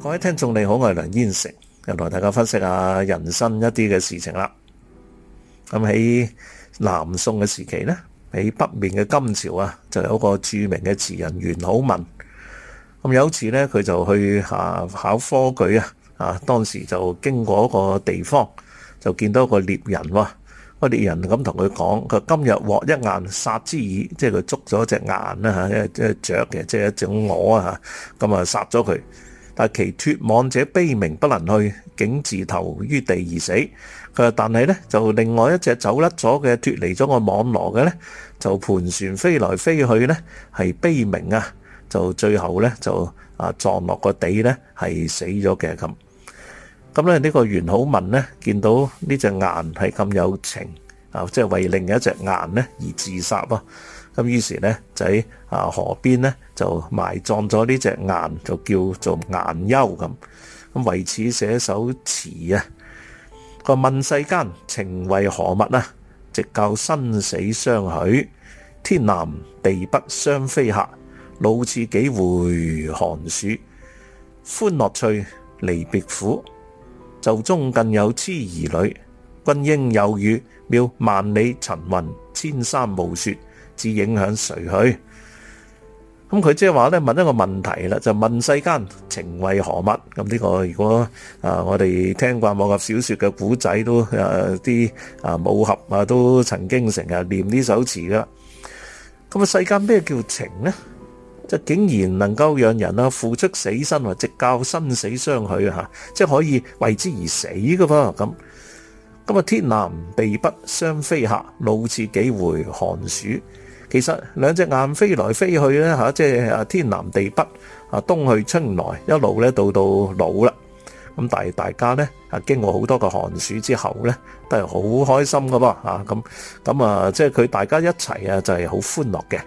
各位聽眾你好，我係梁燕城，又來同大家分析下人生一啲嘅事情啦。咁喺南宋嘅時期呢，喺北面嘅金朝啊，就有個著名嘅詞人元好問。咁有一次呢，佢就去，啊、考科舉啊，啊，當時就經過一個地方，就見到一個獵人喎，啊。個獵人咁同佢講，佢今日獲一雁殺之矣，即係佢捉咗隻雁啦、啊、吓，即一雀嘅，即係一種鵝啊，咁啊殺咗佢。啊啊啊但其脱網者悲鳴不能去，竟自投於地而死。佢話：但係咧，就另外一隻走甩咗嘅脱離咗個網羅嘅咧，就盤旋飛來飛去咧，係悲鳴啊！就最後咧就啊撞落個地咧係死咗嘅咁。咁咧呢個元好問咧見到呢隻雁係咁有情啊，即係為另一隻雁咧而自殺啊！咁於是呢，就喺啊河邊呢，就埋葬咗呢隻雁，就叫做雁丘。咁。咁為此寫首詞啊。佢問世間情為何物啊？直教生死相許，天南地北雙飛客，老翅幾回寒暑，歡樂趣，離別苦，就中更有痴兒女，君應有語，渺萬里層雲，千山暮雪。隻影響誰去？咁佢即係話咧，問一個問題啦，就問世間情為何物？咁呢個如果啊，我哋聽慣武俠小說嘅古仔都啲啊，啊武俠啊都曾經成日念呢首詞噶。咁啊，世間咩叫情呢？即係竟然能夠讓人啊付出死身，或直教生死相許，啊、即係可以為之而死噶噃。咁咁啊，天南地北雙飛客，露似幾回寒暑。其實兩隻雁，飛來飛去咧吓，即係啊天南地北啊，冬去春來，一路咧到到老啦。咁但係大家咧啊經過好多個寒暑之後咧，都係好開心噶噃吓咁咁啊！即係佢大家一齊啊就係好歡樂嘅。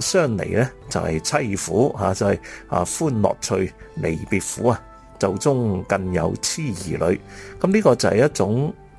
相離咧就係淒苦吓，就係、是、啊，歡樂趣，離別苦啊，就中更有痴兒女。咁、這、呢個就係一種。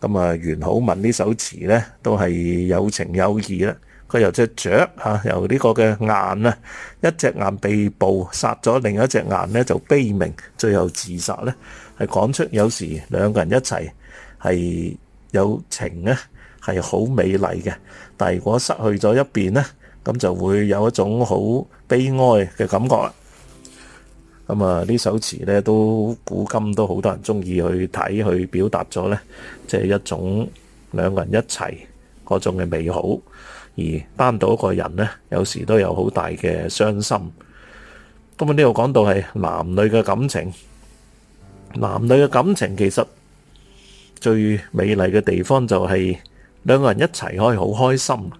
咁啊，元好問呢首詞呢，都係有情有義啦。佢由隻雀吓、啊，由呢個嘅雁啊，一隻雁被捕殺咗，另一隻雁呢就悲鳴，最後自殺呢，係講出有時兩個人一齊係有情呢，係好美麗嘅。但如果失去咗一邊呢，咁就會有一種好悲哀嘅感覺啊。咁啊，呢首詞呢，都古今都好多人中意去睇，去表達咗呢即係、就是、一種兩個人一齊嗰種嘅美好，而單獨一個人呢，有時都有好大嘅傷心。今日呢度講到係男女嘅感情，男女嘅感情其實最美麗嘅地方就係兩個人一齊可以好開心。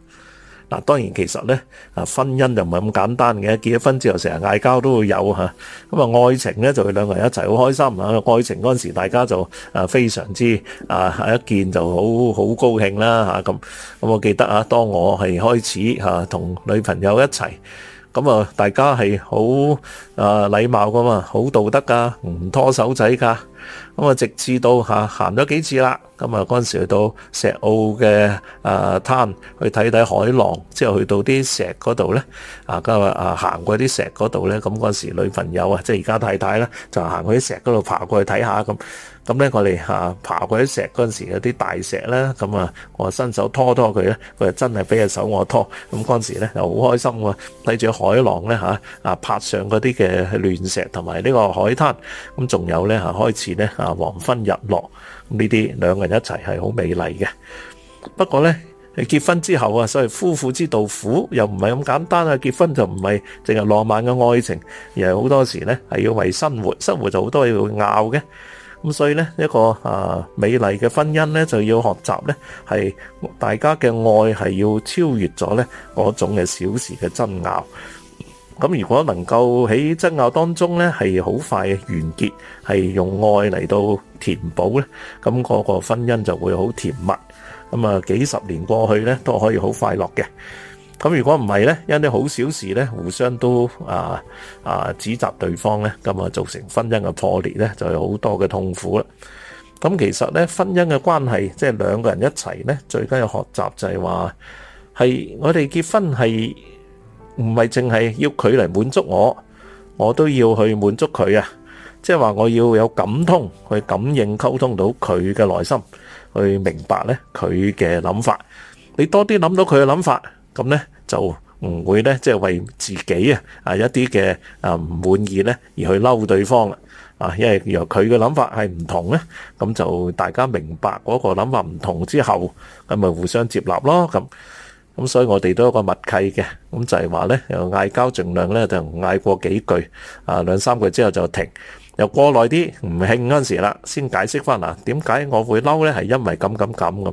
嗱，當然其實咧，啊婚姻就唔係咁簡單嘅，結咗婚之後成日嗌交都會有嚇。咁啊愛情咧就兩個人一齊好開心嚇，愛情嗰陣時大家就啊非常之啊一見就好好高興啦嚇。咁咁我記得啊，當我係開始嚇同女朋友一齊。咁啊，大家係好啊禮貌噶嘛，好道德噶，唔拖手仔噶。咁啊，直至到嚇行咗幾次啦。咁啊，嗰陣時去到石澳嘅啊灘去睇睇海浪，之後去到啲石嗰度咧啊，咁啊啊行過啲石嗰度咧，咁嗰陣時女朋友啊，即係而家太太呢，就行去啲石嗰度爬過去睇下咁。咁咧，我哋嚇爬過啲石嗰陣時，嗰啲大石呢，咁啊，我伸手拖拖佢咧，佢就真係俾隻手我拖。咁嗰陣時咧，就好開心喎。睇住海浪咧啊，拍上嗰啲嘅亂石同埋呢個海灘，咁仲有咧嚇開始咧啊，黃昏日落咁呢啲兩個人一齊係好美麗嘅。不過咧，結婚之後啊，所謂夫婦之道苦又唔係咁簡單啊。結婚就唔係淨係浪漫嘅愛情，而係好多時咧係要為生活，生活就好多嘢會拗嘅。咁所以咧，一個啊美麗嘅婚姻咧，就要學習咧，係大家嘅愛係要超越咗咧嗰種嘅小事嘅爭拗。咁如果能夠喺爭拗當中咧，係好快完結，係用愛嚟到填補咧，咁嗰個婚姻就會好甜蜜。咁啊幾十年過去咧，都可以好快樂嘅。咁如果唔係咧，因啲好小事咧，互相都啊啊指責對方咧，咁啊造成婚姻嘅破裂咧，就有好多嘅痛苦啦。咁其實咧，婚姻嘅關係即係兩個人一齊咧，最緊要學習就係話係我哋結婚係唔係淨係要佢嚟滿足我，我都要去滿足佢啊。即係話我要有感通去感應溝通到佢嘅內心，去明白咧佢嘅諗法。你多啲諗到佢嘅諗法。咁咧就唔會咧，即係為自己啊啊一啲嘅啊唔滿意咧而去嬲對方啦，啊，因為如果佢嘅諗法係唔同咧，咁就大家明白嗰個諗法唔同之後，咁咪互相接納咯，咁咁所以我哋都有一個默契嘅，咁就係話咧，又嗌交，儘量咧就嗌過幾句啊兩三句之後就停。又過耐啲唔興嗰陣時啦，先解釋翻啊點解我會嬲咧？係因為咁咁咁咁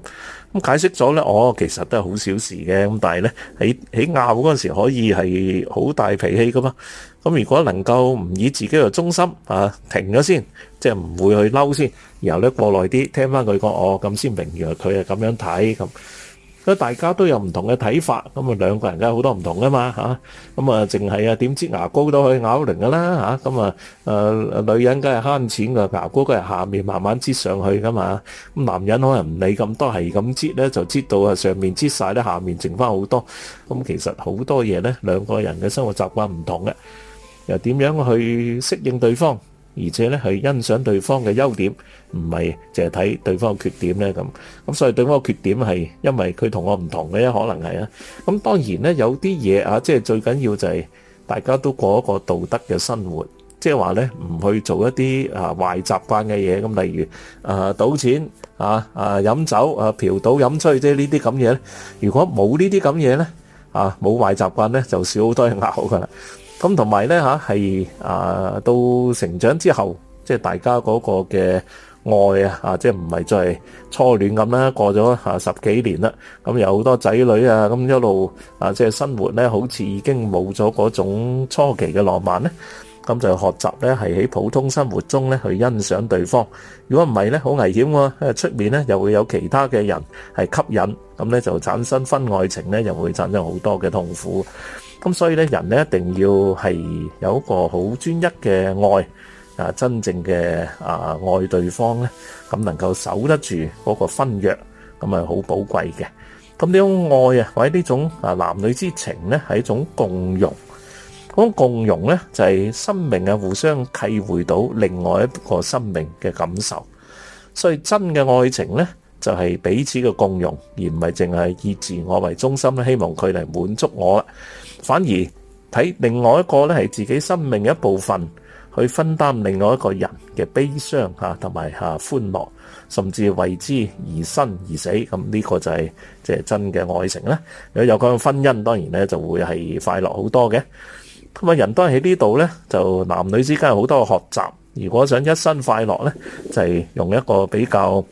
咁解釋咗咧，我、哦、其實都係好小事嘅咁，但係咧喺喺拗嗰陣時可以係好大脾氣噶嘛。咁如果能夠唔以自己嘅中心啊，停咗先，即係唔會去嬲先，然後咧過耐啲聽翻佢講，哦，咁先明，原來佢係咁樣睇咁。大家都有唔同嘅睇法，咁啊兩個人梗係好多唔同噶嘛嚇，咁啊淨係啊點擠牙膏都可以咬鈴噶啦嚇，咁啊、呃、女人梗係慳錢噶，牙膏梗係下面慢慢擠上去噶嘛，咁男人可能唔理咁多，係咁擠咧就擠到啊上面擠晒，咧，下面剩翻好多，咁其實好多嘢咧，兩個人嘅生活習慣唔同嘅，又點樣去適應對方？而且咧係欣賞對方嘅優點，唔係淨係睇對方嘅缺點咧咁。咁所以對方嘅缺點係因為佢同我唔同嘅，可能係啊。咁當然咧有啲嘢啊，即係最緊要就係大家都過一個道德嘅生活，即係話咧唔去做一啲啊壞習慣嘅嘢。咁例如啊賭錢啊啊飲酒啊嫖賭飲吹即係呢啲咁嘢咧。如果冇呢啲咁嘢咧啊冇壞習慣咧，就少好多嘢拗噶啦。咁同埋咧吓，係啊，到成長之後，即係大家嗰個嘅愛啊，即係唔係再係初戀咁啦？過咗吓十幾年啦，咁有好多仔女啊，咁一路啊，即係生活咧，好似已經冇咗嗰種初期嘅浪漫咧。咁就學習咧，係喺普通生活中咧去欣賞對方。如果唔係咧，好危險喎，啊！出面咧又會有其他嘅人係吸引，咁咧就產生婚外情咧，又會產生好多嘅痛苦。咁所以咧，人咧一定要係有一個好專一嘅愛啊，真正嘅啊愛對方咧，咁能夠守得住嗰個婚約，咁啊好寶貴嘅。咁呢種愛啊，或者呢種啊男女之情咧，係一種共融。咁共融咧就係生命啊互相契會到另外一個生命嘅感受。所以真嘅愛情咧，就係彼此嘅共融，而唔係淨係以自我為中心咧。希望佢嚟滿足我啦，反而睇另外一個咧係自己生命一部分，去分擔另外一個人嘅悲傷嚇，同埋嚇歡樂，甚至為之而生而死。咁呢個就係即係真嘅愛情啦。如果有個婚姻當然咧就會係快樂好多嘅。咁啊，人都喺呢度咧，就男女之間有好多學習。如果想一生快樂咧，就係用一個比較。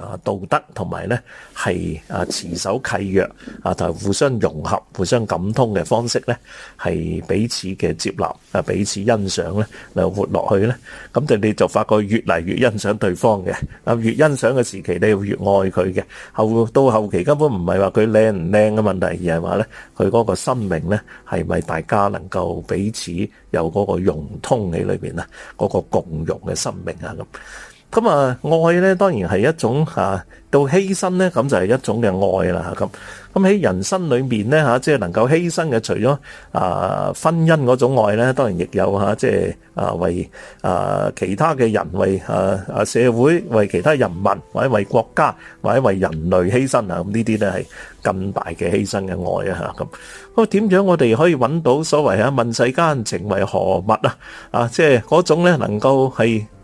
啊，道德同埋咧，係啊，持守契約啊，同埋互相融合、互相感通嘅方式咧，係彼此嘅接納啊，彼此欣賞咧，嚟活落去咧，咁就你就發覺越嚟越欣賞對方嘅啊，越欣賞嘅時期，你會你越愛佢嘅。後到後期根本唔係話佢靚唔靚嘅問題，而係話咧，佢嗰個生命咧，係咪大家能夠彼此有嗰個融通喺裏邊啊？嗰個共融嘅生命啊咁。咁啊，愛咧當然係一種嚇，到犧牲咧咁就係一種嘅愛啦。咁咁喺人生裏面咧嚇，即係能夠犧牲嘅，除咗啊婚姻嗰種愛咧，當然亦有嚇，即係啊為啊其他嘅人，為啊啊社會，為其他人民，或者為國家，或者為人類犧牲啊。咁呢啲咧係更大嘅犧牲嘅愛啊。咁咁點樣我哋可以揾到所謂啊問世間情為何物啊？啊，即係嗰種咧能夠係。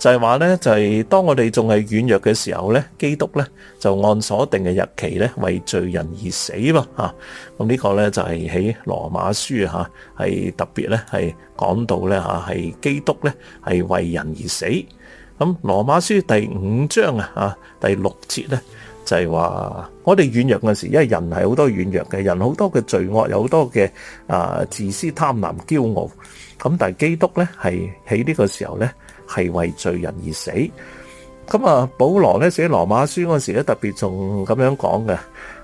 就係話咧，就係，是，當我哋仲係軟弱嘅時候咧，基督咧就按所定嘅日期咧為罪人而死喎。咁、啊、呢個咧就係喺羅馬書係，啊、特別咧係講到咧係，啊、基督咧係為人而死。咁、啊、羅馬書第五章啊第六節咧就係，是，話我哋軟弱嘅陣時，因為人係好多軟弱嘅，人好多嘅罪惡，有好多嘅啊自私、貪婪、驕傲。咁、啊、但係基督咧係喺呢起個時候咧。係為罪人而死。咁啊，保羅咧寫羅馬書嗰時咧，特別仲咁樣講嘅。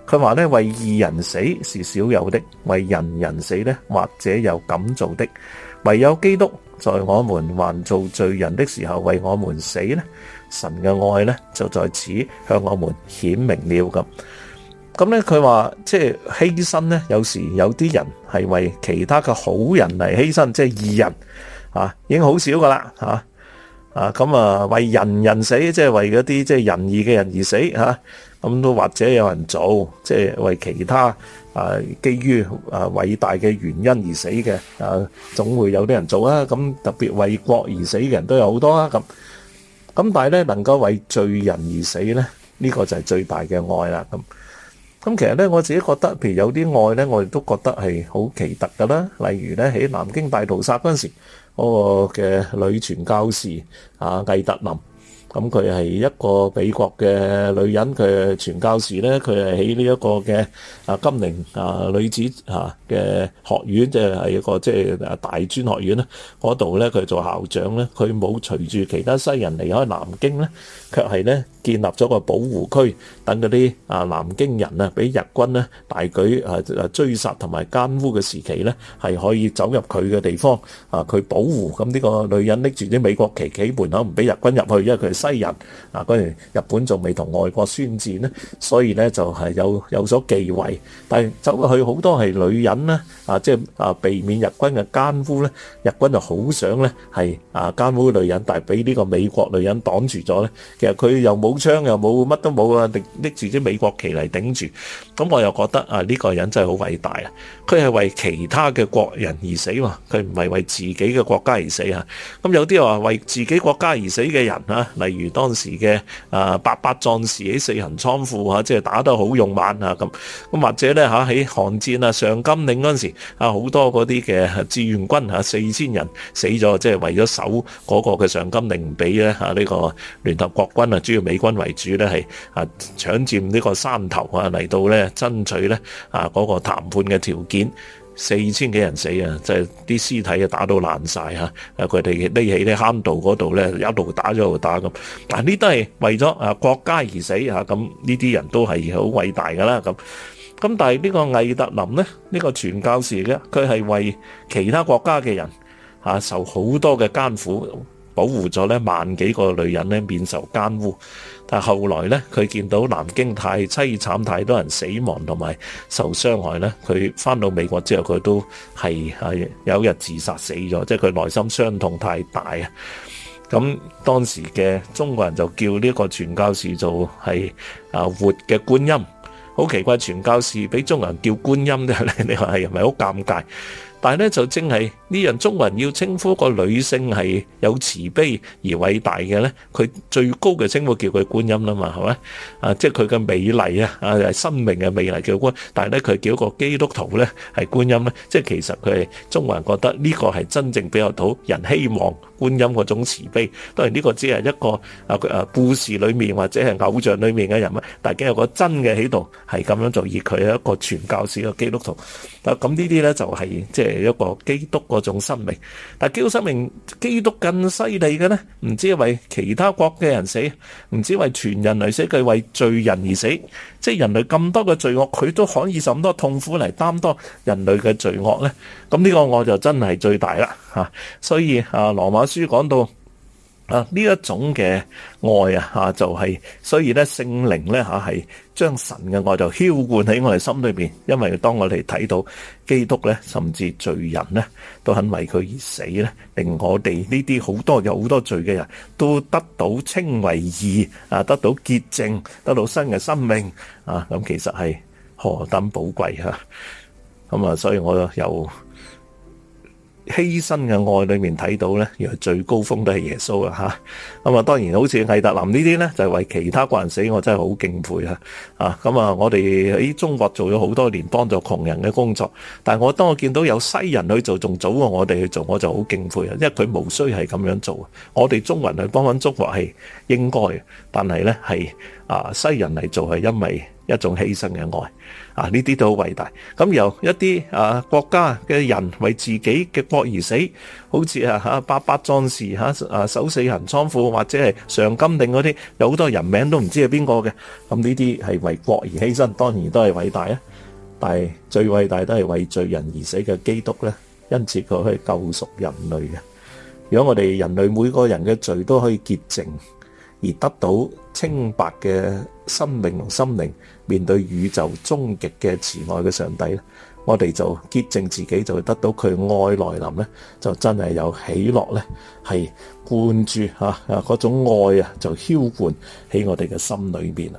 佢話咧，為義人死是少有的，為人人死咧或者有咁做的。唯有基督在我們還做罪人的時候為我們死咧，神嘅愛咧就在此向我們顯明了。咁咁咧，佢話即係犧牲咧，有時有啲人係為其他嘅好人嚟犧牲，即係義人啊，已經好少噶啦啊！啊，咁啊，為人人死，即係為嗰啲即係仁義嘅人而死嚇，咁、啊、都、啊、或者有人做，即係為其他啊基於啊偉大嘅原因而死嘅，啊總會有啲人做啊，咁、啊、特別為國而死嘅人都有好多啊，咁、啊、咁但係咧能夠為罪人而死咧，呢、呢個就係最大嘅愛啦咁。啊咁其實咧，我自己覺得，譬如有啲愛咧，我亦都覺得係好奇特噶啦。例如咧，喺南京大屠殺嗰陣時，嗰個嘅女傳教士啊魏特林，咁佢係一個美國嘅女人，佢傳教士咧，佢係喺呢一個嘅啊金陵啊女子啊嘅學院，即係係一個即係啊大專學院咧，嗰度咧佢做校長咧，佢冇隨住其他西人離開南京咧，卻係咧，建立咗個保護區，等嗰啲啊南京人啊，俾日軍咧大舉誒誒追殺同埋奸污嘅時期咧，係可以走入佢嘅地方啊。佢保護咁，呢個女人拎住啲美國旗，企門口，唔俾日軍入去，因為佢係西人啊。嗰時日本仲未同外國宣戰咧，所以咧就係有有所忌諱。但係走入去好多係女人咧啊，即係啊避免日軍嘅奸污咧。日軍就好想咧係啊奸污女人，但係俾呢個美國女人擋住咗咧。其實佢又冇。槍又冇，乜都冇啊！拎住啲美國旗嚟頂住，咁我又覺得啊，呢、這個人真係好偉大啊！佢係為其他嘅國人而死嘛，佢唔係為自己嘅國家而死啊！咁有啲話為自己國家而死嘅人啊，例如當時嘅啊八百壯士喺四行倉庫啊，即係打得好勇猛啊！咁咁或者呢，吓喺韓戰啊上甘嶺嗰陣時啊，好多嗰啲嘅志願軍吓，四、啊、千人死咗，即、就、係、是、為咗守嗰個嘅上甘嶺唔俾咧吓呢個聯合國軍啊，主要美國。為主咧，係啊，搶佔呢個山頭啊，嚟到咧爭取咧啊嗰個談判嘅條件，四千幾人死啊，即係啲屍體啊打到爛晒吓，啊佢哋匿喺啲坑道嗰度咧，一路打一路打咁，嗱呢都係為咗啊國家而死吓，咁呢啲人都係好偉大噶啦咁，咁但係呢個魏特林咧，呢、呢個傳教士嚟嘅，佢係為其他國家嘅人啊受好多嘅艱苦。保護咗咧萬幾個女人咧免受奸污，但係後來咧，佢見到南京太凄慘，太多人死亡同埋受傷害咧，佢翻到美國之後，佢都係有一日自殺死咗，即係佢內心傷痛太大啊！咁當時嘅中國人就叫呢個傳教士做係啊活嘅觀音，好奇怪，傳教士俾中國人叫觀音嘅，你話係咪好尷尬？但係咧就正係呢樣，中文要稱呼個女性係有慈悲而偉大嘅咧，佢最高嘅稱呼叫佢觀音啦嘛，係咪？啊，即係佢嘅美麗啊，啊，係生命嘅美麗叫觀音。但係咧佢叫個基督徒咧係觀音咧，即係其實佢係中文覺得呢個係真正比較到人希望觀音嗰種慈悲。當然呢個只係一個啊啊故事裏面或者係偶像裏面嘅人物。但係有個真嘅喺度係咁樣做，而佢係一個傳教士嘅基督徒。啊，咁呢啲咧就係、是、即係。係一個基督嗰種生命，但係基督生命，基督更犀利嘅呢，唔止為其他國嘅人死，唔止為全人類死，佢為罪人而死，即係人類咁多嘅罪惡，佢都可以咁多痛苦嚟擔當人類嘅罪惡呢。咁呢個我就真係最大啦吓，所以啊，羅馬書講到。啊！呢一種嘅愛啊，吓就係，所以咧聖靈咧吓係將神嘅愛就澆灌喺我哋心裏邊，因為當我哋睇到基督咧，甚至罪人咧，都肯為佢而死咧，令我哋呢啲好多有好多罪嘅人都得到稱為義啊，得到潔淨，得到新嘅生命啊，咁其實係何等寶貴吓！咁啊，所以我又。犧牲嘅愛裏面睇到呢，原來最高峰都係耶穌啊！咁啊，當然好似魏特林呢啲呢，就係為其他國人死，我真係好敬佩啊！啊咁啊，我哋喺中國做咗好多年幫助窮人嘅工作，但我當我見到有西人去做，仲早過我哋去做，我就好敬佩啊！因為佢無需係咁樣做，我哋中國人去幫返中國係應該，但係呢係啊西人嚟做係因為。一種犧牲嘅愛，啊呢啲都好偉大。咁由一啲啊國家嘅人為自己嘅國而死，好似啊阿八百壯士哈啊守四行倉庫或者係上金定嗰啲，有好多人名都唔知係邊個嘅。咁呢啲係為國而犧牲，當然都係偉大啊！但係最偉大都係為罪人而死嘅基督咧，因此佢可以救贖人類嘅。如果我哋人類每個人嘅罪都可以潔淨而得到清白嘅。生命同心靈面對宇宙終極嘅慈愛嘅上帝咧，我哋就潔淨自己，就會得到佢愛來臨咧，就真係有喜樂咧，係灌注吓，啊嗰種愛啊就澆灌喺我哋嘅心裏邊。